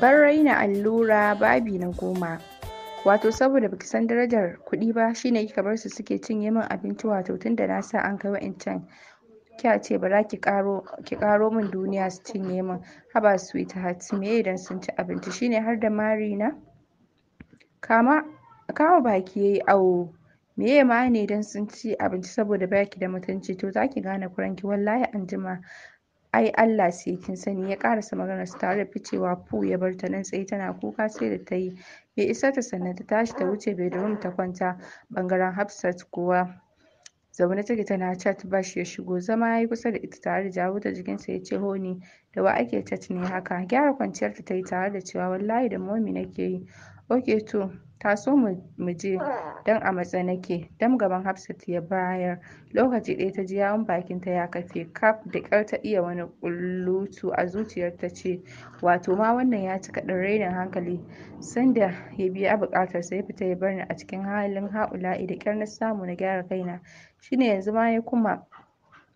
Bar raina allura babi na goma. Wato saboda baki san darajar kuɗi ba shine kika bar su suke cinye min abinci wato tun da na sa an kai wa'incan. Kya ce bara ki ki ƙaro min duniya su cinye min. Haba sweetheart me idan sun ci abinci shine har da mari na? Kama kama baki yayi awo. Meye ma ne idan sun ci abinci saboda baki da mutunci to zaki gane kuranki wallahi anjima. ai Allah sai kin sani ya karasa su tare da ficewa fu ya bar ta nan sai tana kuka sai da ta yi bai isa ta sannan ta tashi ta wuce bedroom ta kwanta bangaren Hafsat kuwa zaune take tana chat bashi ya shigo zama ya yi kusa da ita tare da jawo ta jikinsa ya ce honi da wa ake chat ne haka gyara kwanciyar ta yi tare da cewa wallahi da momi nake yi Ok to, taso mu je don a matse nake, dam gaban Hafsat ya bayar. Lokaci ɗaya ta ji yawun ta ya kafe kaf da ƙyar ta iya wani ƙullutu a zuciyar ta ce, wato ma wannan ya cika ɗan rainin hankali. Sanda ya biya sa ya fita ya bar ni a cikin halin ha'ula'i da ƙyar na samu na gyara kaina. Shine yanzu ma ya kuma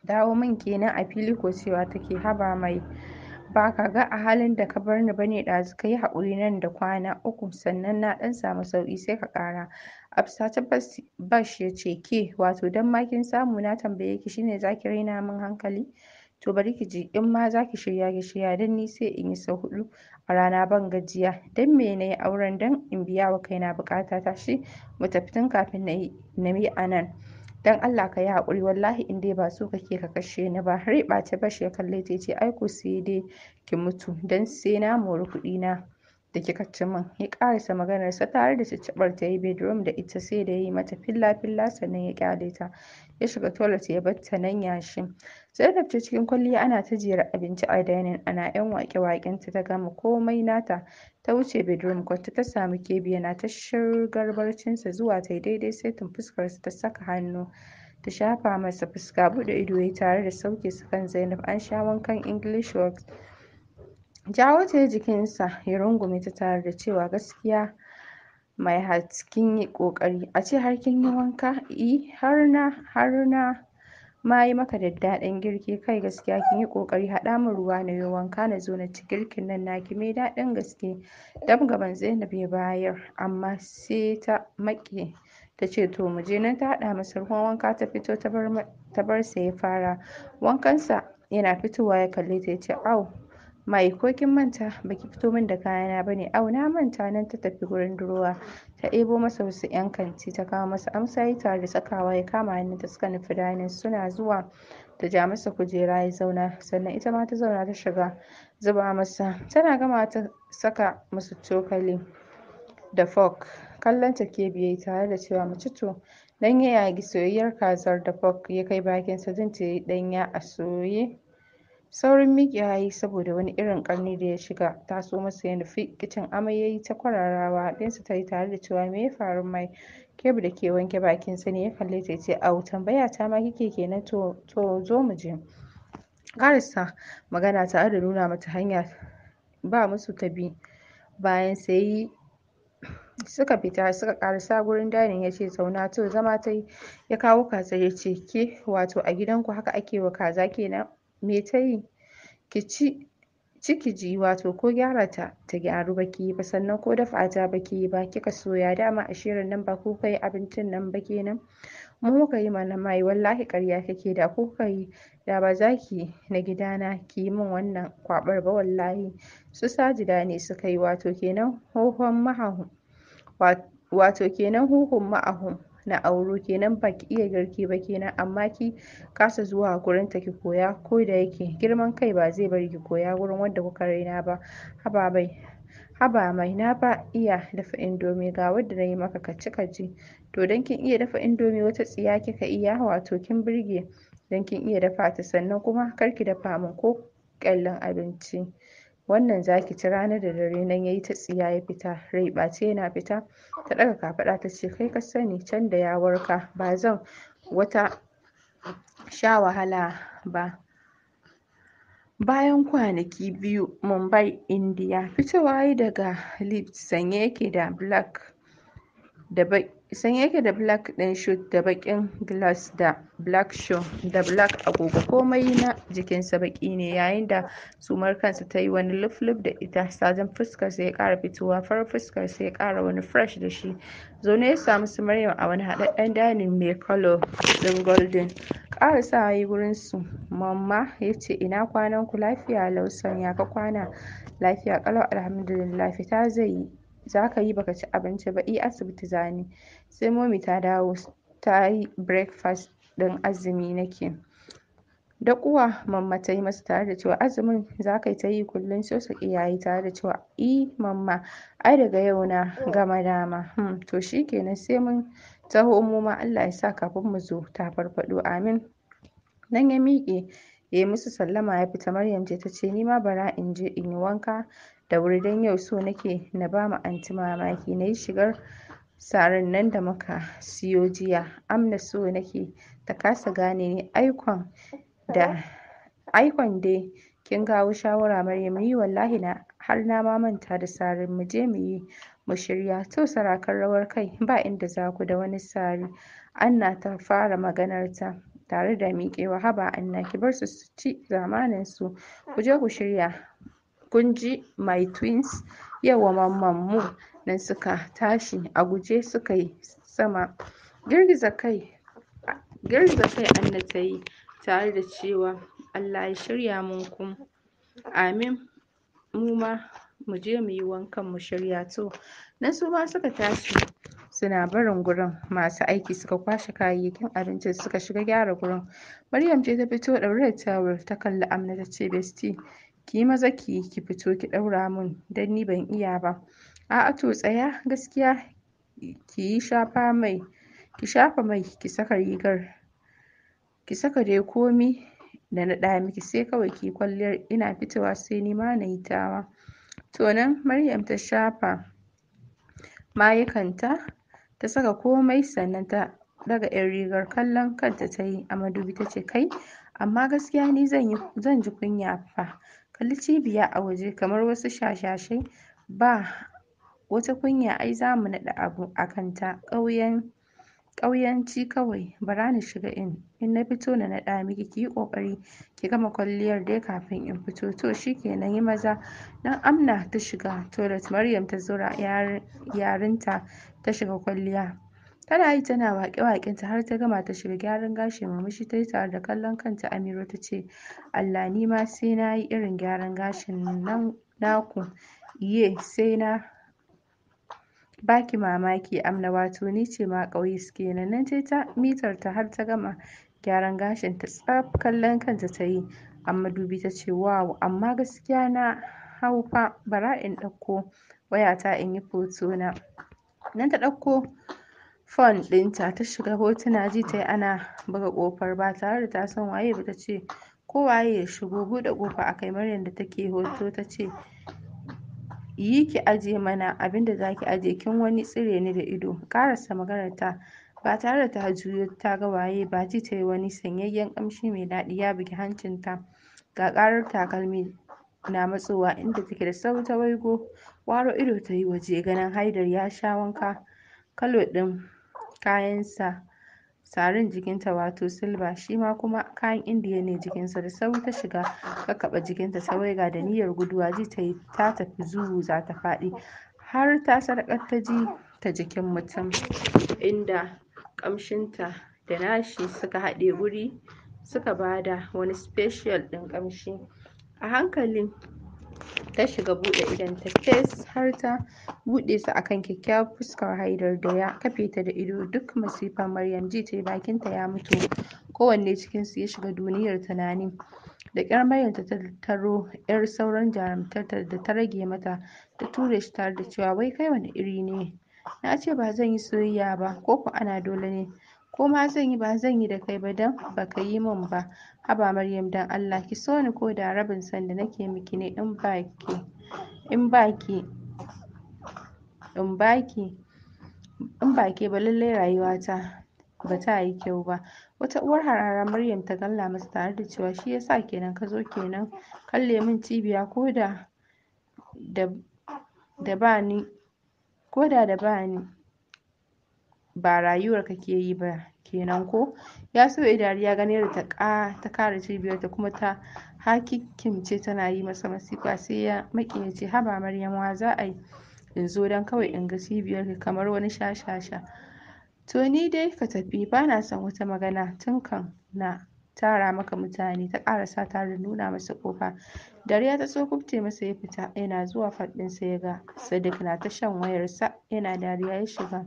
dawo min kenan a fili ko cewa take haba mai. Ba ka ga a halin da ka bar ni ba ne ɗazu, ka yi haƙuri nan da kwana uku sannan na ɗan samu sauƙi sai ka ƙara. ta bas ya ce ke wato don ma kin samu na tambaye ki shine za ki raina min hankali? To bari ki ji in ma za ki shirya ki shirya don ni sai in yi sau hudu a rana ban gajiya. Don me na yi auren don in biya wa kaina buƙata ta shi mu tafi tun kafin na yi a nan. dan Allah ka yi haƙuri wallahi in dai ba so kake ka kashe ni ba riɓa ta bashi ya kalle ta ce ai ku sai dai ki mutu dan sai na mori kuɗi na da kika ci min ya ƙarasa maganarsa tare da cicciɓar ta yi bedroom da ita sai da ya yi mata filla-filla sannan ya ƙyale ta ya shiga toilet ya bar ta nan yashi. zainab ta cikin kwalliya ana ta jera abinci a dining ana yan waƙe-waƙen ta ta gama komai nata ta wuce bedroom kwata ta samu kebiya na ta shirgar barcinsa zuwa ta daidai saitin fuskarsa ta saka hannu ta shafa masa fuska buɗe ido ya tare da sauke su kan zainab an sha wankan english works Jawo ta yi jikinsa ya rungume ta tare da cewa, gaskiya mai heart kin yi ƙoƙari, ce har kin yi wanka? I har na, har na ma yi maka girki, kai gaskiya kin yi ƙoƙari, haɗa min ruwa na yi wanka na zo na ci girkin nan na naki mai daɗin gaske. Dab gaban Zainab ya bayar, amma sai ta maƙe ta ce to mu nan ta haɗa masa ruwan wanka ta fito ta bar sa ya fara wankansa yana fitowa ya kalle ta ya ce au Mai ko kin manta baki fito min da kayana bane au na manta nan ta tafi gurin durowa ta ebo masa wasu 'yan kanti ta kawo masa amsa yi tare da sakawa ya kama ta suka nufi danin suna zuwa ta ja masa kujera ya zauna sannan ita ma ta zauna ta shiga zuba masa tana gama ta saka masu cokali da fok kallon ta ke biye tare da cewa mace to dan ya yagi soyayyar kazar da fok ya kai bakin sa jin ta yi danya a soye Saurin miƙewa ya yi saboda wani irin ƙarni da ya shiga taso masa ya nufi kicin amai ya yi ta kwararawa ɗinsa ta yi tare da cewa me ya faru mai Kebu da ke wanke bakin sani ya kalle ta ya ce au tambaya ta ma kike kenan to zo mu je. Karisa magana tare da nuna mata hanya ba musu ta bi bayan sai suka fita suka karasa gurin dining ya ce zauna to zama ta yi ya kawo kaza ya ce ke wato a gidanku haka ake wa kaza kenan me ta yi? Ki ci ciki ji wato ko gyara ta ta gyaru ba ki ba sannan ko dafa ta ba ki ba kika soya dama a shirin nan ba ko kai abincin nan ba kenan mu muka yi mana mai wallahi ƙarya kake da ko ka yi da ba za ki na gidana ki yi min wannan kwabar ba wallahi su sajida ne suka yi wato kenan hohon wato kenan huhun ma'ahun na auro kenan ba ki iya girki ba kenan amma ki kasa zuwa gurin ta ki koya ko da yake girman kai ba zai bari ki koya gurin wanda kuka raina ba haba bai haba mai na ba iya dafa indomi ga wadda na yi maka ka ci ka ji to don kin iya dafa indomi wata tsiya kika iya wato kin birge don kin iya dafa ta sannan kuma kar ki dafa min ko ƙyallen abinci wannan za ki ci ranar da dare nan ya yi ta tsiya ya fita rai ɓace yana fita ta ɗaga kafaɗa ta ce kai ka sani can da ya warka ba zan wata sha wahala ba bayan kwanaki biyu mumbai India, fitowa yi daga lift sanye yake da black da baƙi sanye yake da black ɗin shoot da baƙin glass da black shoe da black agogo komai na jikinsa baƙi ne yayin da sumar kansa ta yi wani luf-luf da ita sajen fuskarsa ya ƙara fitowa fuskar fuskarsa ya ƙara wani fresh da shi zaune ya samu su a wani haɗaɗɗen danin mai kalo ɗin golden ƙara sa yi wurin su mamma ya ce ina kwanan ku lafiya lausan ya ka kwana lafiya ƙalau alhamdulillah fita zai yi za ka yi ba ci abinci ba i asibiti za ni sai momi ta dawo ta yi breakfast ɗin azumi nake da kuwa mamma ta yi masa tare da cewa azumin za ka ta yi kullum sai su iyaye tare da cewa i mamma ai daga yau na gama dama hmm, to shikenan sai mun taho mu ma Allah ya sa kafin mu zo ta farfaɗo amin nan ya miƙe ya yi musu sallama ya fita maryam ce ta ce ni ma bara in je in wanka da wuri don yau so nake na ba mu anti mamaki na yi shigar sarin nan da muka siyo jiya amna so nake ta kasa gane ni aikon da aikon dai kin kawo shawara Maryam yi wallahi na har na ma manta da sarin mu je mu yi mu shirya to sarakar rawar kai ba inda za ku da wani sari Anna ta fara maganar ta tare da miƙewa haba Anna ki bar su su ci zamanin su ku je ku shirya kun ji my twins yawa mu nan suka tashi a guje suka yi sama girgiza kai girgiza kai anna ta yi tare da cewa allah ya shirya mun ku.' amin mu ma mu je mu yi wankan mu shirya to nan su ma suka tashi suna barin gurin masu aiki suka kwashe kayayyakin abinci suka shiga gyara gurin maryam ce ta fito ɗaure da tawul ta kalli amna ta ce bestie Ki maza ki ki fito ki ɗaura mun, don ni ban iya ba. A'a to tsaya, gaskiya ki shafa mai, ki shafa mai, ki saka rigar, ki saka dai komi da na ɗa miki sai kawai ki yi kwalliyar ina fitowa sai ni ma na yi tawa. To nan Maryam ta shafa mayukanta, ta saka komai sannan ta ɗaga 'yar rigar kallon kanta ta yi a madubi ta ce kai amma gaskiya ni zan ji kunya fa. kalli cibiya a waje kamar wasu shashashai ba wata kunya ai za mu naɗa abu a kanta ƙauyanci kawai bara ni shiga in in na fito na naɗa miki kiyi yi ƙoƙari ki gama kwalliyar dai kafin in fito to shi na yi maza nan Amna ta shiga toilet Maryam ta zura yarinta ta shiga kwalliya Tana yi tana waƙe waƙen ta har ta gama ta shiga gyaran gashin mamashi ta yi tare da kallon kanta amiro ta ce, Allah ni ma sai na yi irin gyaran gashin nan naku, ye sai na baki mamaki Amna wato ni ce ma ƙauyesu suke nan. Nan ta mitar ta har ta gama gyaran gashin ta tsaf kallon kanta ta yi amma dubi ta ce wow amma gaskiya na hau fa bara in ɗauko wayata in yi fotona. Nan ta ɗauko fon ɗinta ta shiga hotuna ji ta ana buga ƙofar ba tare da ta san waye ba ta ce ko waye ya shigo buɗe ƙofa kai Maryam da take hoto ta ce yi ki aje mana abinda za ki aje kin wani tsire ni da ido karasa maganar ta ba tare da ta juyo ta ga waye ba ji ta wani sanyayyen ƙamshi mai daɗi ya bugi hancinta ga ƙarar takalmi na matsowa inda take da sauta ta waigo waro ido ta yi waje ganin haidar ya sha wanka kalo ɗin kayansa sarin jikinta wato silba shi ma kuma kayan indiya ne jikinsa da sauri ta shiga kakkaɓe jikinta ta waiga da niyyar guduwa ji ta yi ta tafi zuhu za ta faɗi har ta sarƙar ta ji ta jikin mutum inda ƙamshinta da nashi suka haɗe guri suka ba da wani special ɗin ƙamshi a hankali ta shiga buɗe idonta fes har ta buɗe su a kan kyakkyawar fuskar Haidar da ya kafe ta da ido duk masifar Maryam ji bakin bakinta ya mutu kowanne cikinsu ya shiga duniyar tunani da ƙyar Maryam ta taro 'yar sauran jarumtarta da ta rage mata ta ture shi tare da cewa wai kai wani iri ne na ce ba zan yi soyayya ba ko ko ana dole ne ko ma zan yi ba zan yi da kai ba dan ka yi min ba haba maryam dan Allah ki so ni ko da rabin san da nake miki ne in baki in baki in baki in baki ba lallai ta ba ta yi kyau ba wata uwar harara maryam ta galla masa tare da cewa shi yasa kenan ka zo kenan kalle min cibiya ko da da ba ni ko da da ba ni ba rayuwar kake yi ba kenan ko ya so ya dariya ganin da ta kara cibiyar ta kuma ta hakikimce tana yi masa masifa sai ya maƙi ya ce haba maryama za a yi in zo don kawai in ga cibiyar kamar wani shashasha to ni dai ka tafi ba na son wata magana tun kan na tara maka mutane ta ƙara ta da nuna masa ƙofa dariya ta tsokufte masa ya fita yana zuwa faɗinsa ya ga sadik na ta shan wayarsa yana dariya ya shiga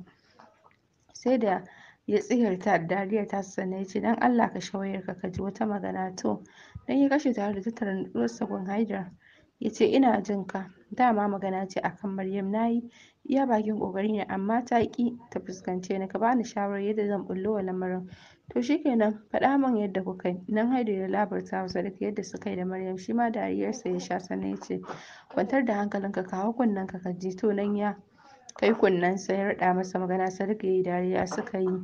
sai da ya tsiyarta da dariyar ta sannan ya ce 'Dan Allah ka wayarka ka ji wata magana to dan ya kashe tare da tattara nutsuwarsa gun haidar ya ce ina jin ka dama magana ce akan maryam na yi iya bakin kokari ne amma ta ki ta fuskance ni ka bani shawarar yadda zan bullo wa lamarin to shikenan faɗa min yadda kuka yi nan haidar ya labarta wa yadda suka yi da maryam shi ma dariyarsa ya sha sannan ya ce kwantar da hankalin ka kawo kunnen ka ka ji to nan ya kai kunnensa ya raɗa masa magana sarki ya dariya suka yi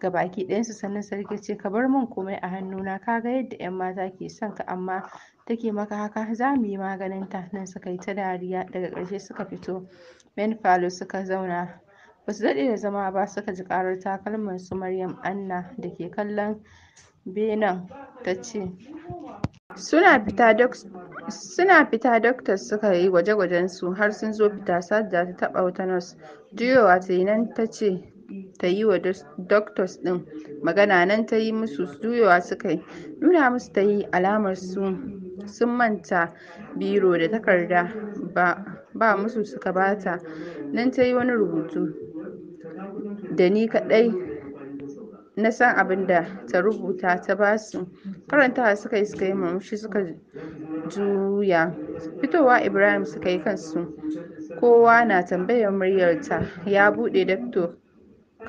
ga baki ɗayansu sannan sarki ce ka bar min komai a hannuna ka ga yadda 'yan mata ke son ka amma take maka haka za mu yi maganin ta nan suka yi ta dariya daga ƙarshe suka fito men falo suka zauna ba su daɗe da zama ba suka ji ƙarar takalman su maryam anna da ke kallon benin ta ce Suna fita Doctors suka yi gwaje gwajen su har sun zo fita, sadda ta taba wata nos, juyowa ta yi nan ta ce ta yi wa Doctors ɗin magana nan ta yi musu, juyowa suka yi, nuna musu ta yi, alamar sun manta biro da takarda ba musu suka bata nan ta yi wani rubutu, da ni kadai. na san abin da ta rubuta ta basu karantawa suka yi suka yi murmushi suka juya fitowa ibrahim suka yi kansu kowa na tambayar muryarta ya buɗe dafto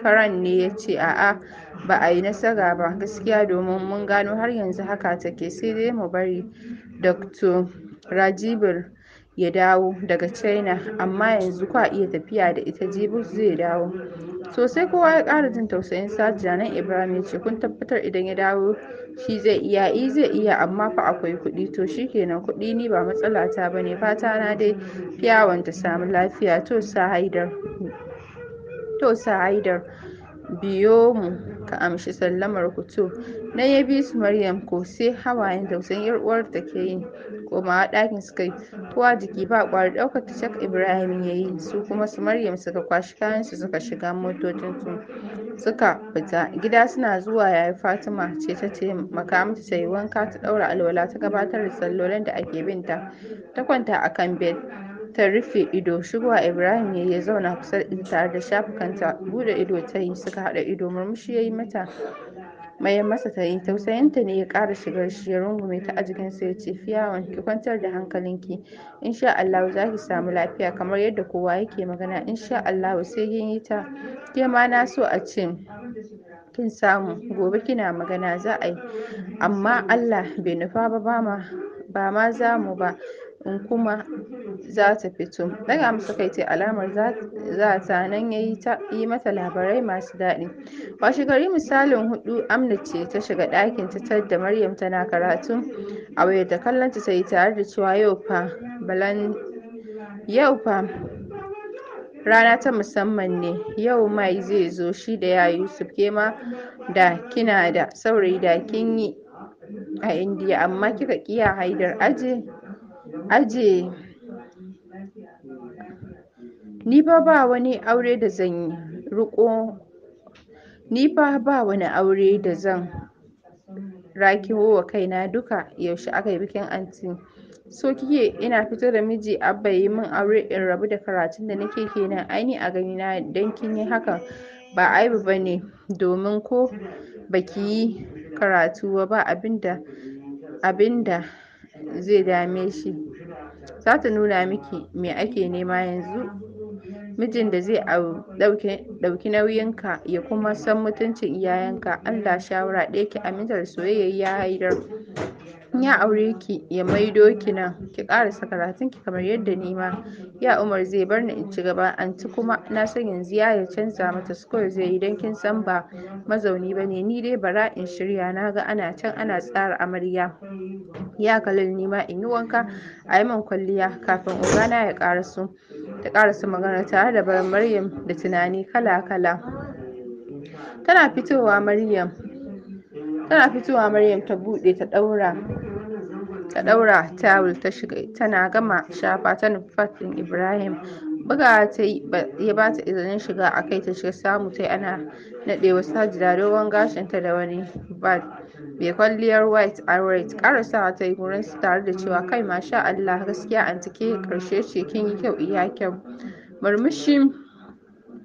karan ne ya ce a'a ba a yi nasara ba gaskiya domin mun gano har yanzu haka take sai dai mu bari dr rajibir ya dawo daga China amma yanzu kwa iya tafiya da ita Jibuti zai dawo. Sosai kowa ya ƙara jin tausayin Sajida nan Ibrahim ce kun tabbatar idan ya dawo shi zai iya yi eh zai iya amma fa akwai kuɗi to shikenan kuɗi ni ba matsala ta bane fata na dai fiyawan ta samu lafiya to sa haidar. To sa haidar. biyo mu ka amshi sallamar ku to ya bi su maryam ko sai hawayen tausayin yar uwar ta ke yi komawa ɗakin suka yi kowa jiki ba ƙwari ɗaukar ta shak ibrahim ya yi su kuma su maryam suka kwashi kayan su suka shiga motocin su suka fita gida suna zuwa yayi fatima ce ta ce makamata ta yi wanka ta ɗaura alwala ta gabatar da sallolin da ake binta ta kwanta akan bed ta rufe ido, shigowa Ibrahim ya ya zauna kusa da tare da shafukanta kanta, buɗe ido ta yi suka hada ido, murmushi ya yi mata mayan masa ta yi tausayinta ne ya kara shigar shi ya rungume ta a jikinsa ya ce fiyawan ki kwantar da hankalinki insha Allah za ki samu lafiya kamar yadda kowa yake magana insha Allah sai yin yi ta ke ma na so a ce kin samu gobe kina magana za a yi amma Allah bai nufa ba ba ma za mu ba in kuma za ta fito daga masa kai tai alamar za ta nan ya yi mata labarai masu daɗi washe gari misalin hudu amna ce ta shiga ɗakin ta tadda maryam tana karatu a wayar da kallon ta sai tare da cewa yau fa balan yau fa rana ta musamman ne yau mai zai zo shi da ya yusuf ke ma da kina da saurayi da kin yi a indiya amma kika kiya haidar aje aje ni fa ba wani aure da zan yi riƙo ni fa ba wani aure da zan rakiwo wa kaina duka yaushe aka yi bikin anti so kike ina fito da miji abba yi min aure in rabu da karatun da nake kenan aini a gani na dan kin yi hakan ba aibu bane domin ko baki yi karatu ba abinda abinda zai dame shi Za ta nuna miki me ake nema yanzu. Mijin da zai ɗauki nauyinka ya kuma san mutuncin iyayenka. Allah shawara ɗaya ki aminta da ya haidar? in ya aure ki ya maido ki nan ki karasa karatun ki kamar yadda ni ma ya Umar zai barni in ci gaba anti kuma na san yanzu ya ya canza mata score zai yi dan kin san ba mazauni ba ne ni dai bara in shirya na ga ana can ana tsara amarya ya kalal ni ma in yi wanka a yi man kwalliya kafin ogana ya karasu ta karasa magana tare da bar Maryam da tunani kala kala tana fitowa Maryam tana fitowa maryam ta buɗe ta ɗaura ta daura tawul ta shiga tana gama shafa ta nufat ɗin ibrahim buga ta ya ba ta izinin shiga a kai ta shiga samu ta ana naɗewa sajida dogon gashinta da wani bad mai kwalliyar white arrowhead red karasawa ta yi gurin su tare da cewa kai masha Allah gaskiya an take karshe ce kin yi kyau iya kyau murmushi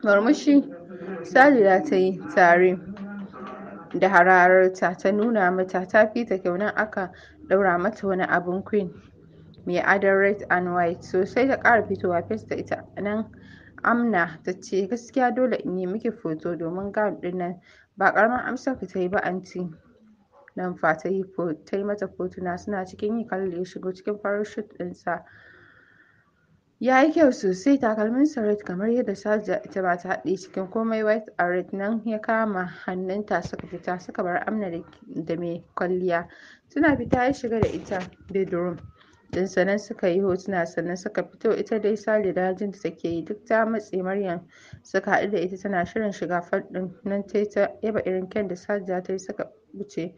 murmushi sajira ta yi tare da hararta ta nuna mata ta fita kyau nan aka ɗaura mata wani abin queen mai adon red and white sosai ta ƙara fitowa fes ta ita nan amna ta ce gaskiya dole in yi miki foto domin gown ɗin nan ba ƙaramin amsar ku ta yi ba anti nan fa ta yi mata fotuna suna cikin yi kallo ya shigo cikin farin ɗinsa Ya yi kyau sosai, takalmin red kamar yadda sarja ita ba ta haɗe cikin komai white and nan ya kama hannunta suka fita, suka bar Amna da mai kwalliya, suna fita ya shiga da ita bedroom din sannan suka yi hotuna sannan suka fito, ita dai da Sally da take yi, duk ta matse Maryam suka haɗu da ita tana shirin shiga fat nan ta yi ta yaba irin kyan da Sandra ta yi suka wuce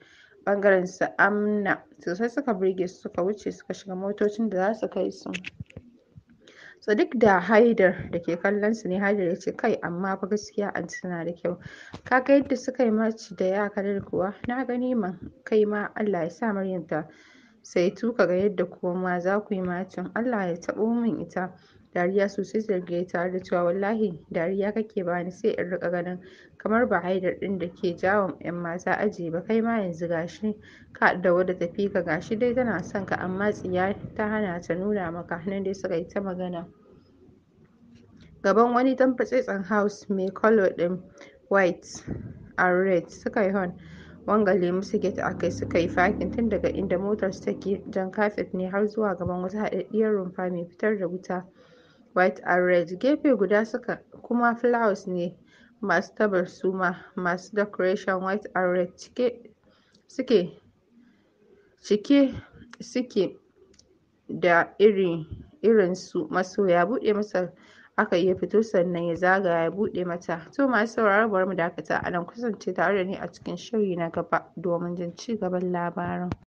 ɓangaren su Amna, sosai suka burge su suka wuce suka shiga motocin da za su kai su. so duk da haidar da ke kallon su ne haidar ya ce kai amma fa gaskiya an suna da kyau kaga yadda suka yi maci da ya kuwa na gani man kai ma allah ya sa maryam ta sai tuka ga yadda kuma za ku yi macin allah ya taɓo min ita dariya sosai Zargi tare da cewa wallahi dariya kake ba bani sai in rika ganin kamar ba haidar ɗin da ke jawon 'yan mata aji ba kai ma yanzu gashi ka da wadda tafi ka gashi dai tana son ka amma tsiya ta hana ta nuna maka nan dai suka yi ta magana gaban wani tamfatsetsen house mai color ɗin white and red suka yi hon wangale musu gate a suka yi fakin tun daga inda motar take jan kafet ne har zuwa gaban wata haɗaɗɗiyar rumfa mai fitar da wuta white and red gefe guda kuma flowers ne masu tabar suma masu decoration white and red suke cike suke da iri su masoya buɗe masa aka iya fito sannan ya zagaya ya buɗe mata to masu sauraro bari mu dakata a nan kusance tare da ni a cikin shiri na gaba domin jin ci gaban labarin